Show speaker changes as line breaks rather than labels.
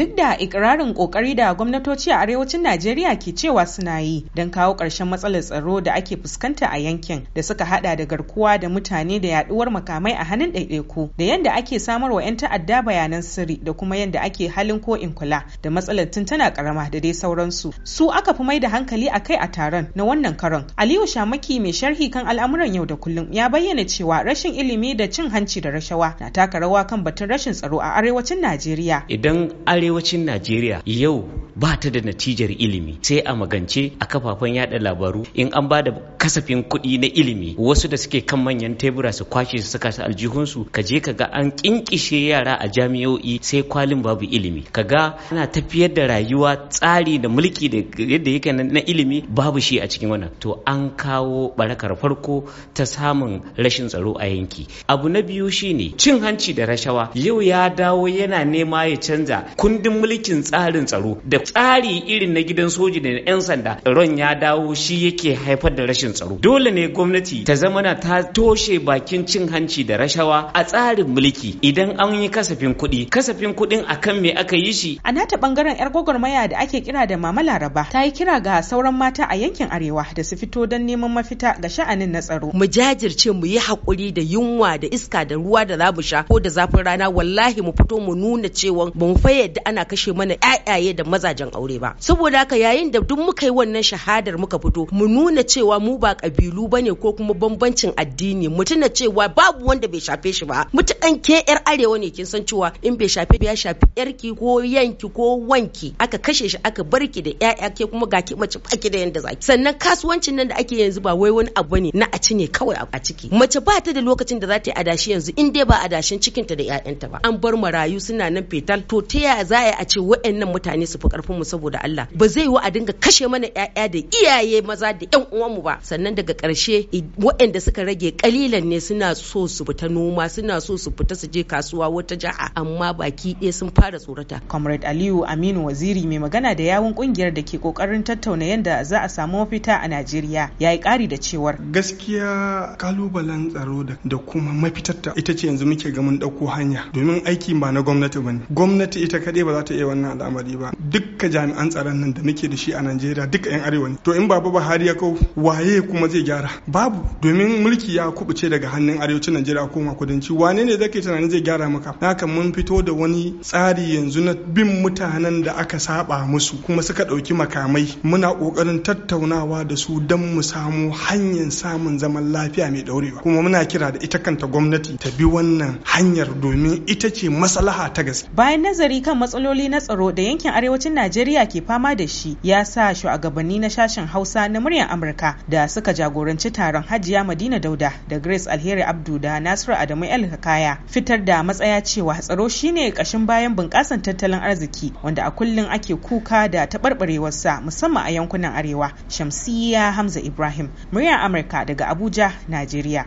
duk da ikirarin kokari da gwamnatoci a arewacin najeriya ke cewa suna yi don kawo ƙarshen matsalar tsaro da ake fuskanta a yankin da suka hada da garkuwa da mutane da yaduwar makamai a hannun ɗaiɗaiku da yadda ake samar wa 'yan ta'adda bayanan sirri da kuma yadda ake halin ko in kula da matsalar tana karama da dai sauransu su aka fi mai da hankali a kai a taron na wannan karon aliyu shamaki mai sharhi kan al'amuran yau da kullum ya bayyana cewa rashin ilimi da cin hanci da rashawa na taka rawa kan batun rashin tsaro a arewacin najeriya
idan are arewacin Najeriya yau ba ta da natijar ilimi sai a magance a kafafen yada labaru in an ba da kasafin kuɗi na ilimi wasu da suke kan manyan tebura su kwashe su saka su aljihunsu ka je ka ga an kinkishe yara a jami'o'i sai kwalin babu ilimi ka ga ana tafiyar da rayuwa tsari da mulki da yadda yake na ilimi babu shi a cikin wannan to an kawo barakar farko ta samun rashin tsaro a yanki abu na biyu shine cin hanci da rashawa yau ya dawo yana nema ya canza kundin mulkin tsarin tsaro da tsari irin na gidan soji da na 'yan sanda ron ya dawo shi yake haifar da rashin tsaro dole ne gwamnati ta zamana ta toshe bakin cin hanci da rashawa a tsarin mulki idan an yi kasafin kuɗi kasafin kuɗin akan me aka yi shi
a nata bangaren yar gwagwarmaya da ake kira da mama laraba ta yi kira ga sauran mata a yankin arewa da su fito don neman mafita ga sha'anin na tsaro mu jajirce mu yi hakuri da yunwa
da iska da ruwa da za sha ko da zafin rana wallahi mu fito mu nuna cewa mun mu fa yadda ana kashe mana 'ya'yaye da maza mazajen aure ba saboda haka yayin da duk muka yi wannan shahadar muka fito mu nuna cewa mu ba kabilu bane ko kuma bambancin addini mu tuna cewa babu wanda bai shafe shi ba mutukan ke yar arewa ne kin san cewa in bai shafe ya shafi yarki ko yanki ko wanki aka kashe shi aka barki da yaya ke kuma ga ki mace baki da yanda zaki sannan kasuwancin nan da ake yanzu ba wai wani abu ne na a ci ne kawai a ciki mace ba ta da lokacin da za ta yi adashi yanzu in dai ba adashin cikinta da 'ya'yanta ba an bar marayu suna nan fetal to ta yaya za a ce wa'annan mutane su fi karfin mu saboda Allah ba zai wa a dinga kashe mana ƴaƴa da iyaye maza da ƴan uwan mu ba sannan daga ƙarshe waɗanda suka rage kalilan ne suna so su
fita noma suna so su fita su je kasuwa wata jaha amma baki ɗaya sun fara tsorata comrade Aliyu Aminu Waziri mai magana da yawun kungiyar da ke kokarin tattauna yadda za a samu mafita
a Najeriya ya yi ƙari da cewar gaskiya kalubalen tsaro da kuma mafitarta ita ce yanzu muke ga mun ɗauko hanya domin aiki ba na gwamnati bane gwamnati ita kadai ba za ta iya wannan al'amari ba duk duka jami'an tsaron nan da muke da shi a Najeriya duka 'yan arewa ne to in baba Buhari ya kau waye kuma zai gyara babu domin mulki ya kubuce daga hannun arewacin Najeriya ma kudanci wane ne zake tunanin zai gyara maka haka mun fito da wani tsari yanzu na bin mutanen da aka saba musu kuma suka ɗauki makamai muna ƙoƙarin tattaunawa da su don mu samu hanyar samun zaman lafiya mai ɗaurewa kuma muna kira da ita kanta gwamnati ta bi wannan hanyar domin ita ce maslaha ta gaske
bayan nazari kan matsaloli na tsaro da yankin arewacin Najeriya ke fama da shi ya sa shugabanni na sashen Hausa na muryar Amurka da suka jagoranci taron Hajiya Madina Dauda da Grace Alheri Abdu da Nasiru Adamu El Kaya fitar da matsaya cewa tsaro shine kashin bayan bunƙasar tattalin arziki wanda a kullum ake kuka da taɓarɓarewarsa musamman a yankunan Arewa. Shamsiyya Hamza Ibrahim, muryar Amurka daga Abuja, Najeriya.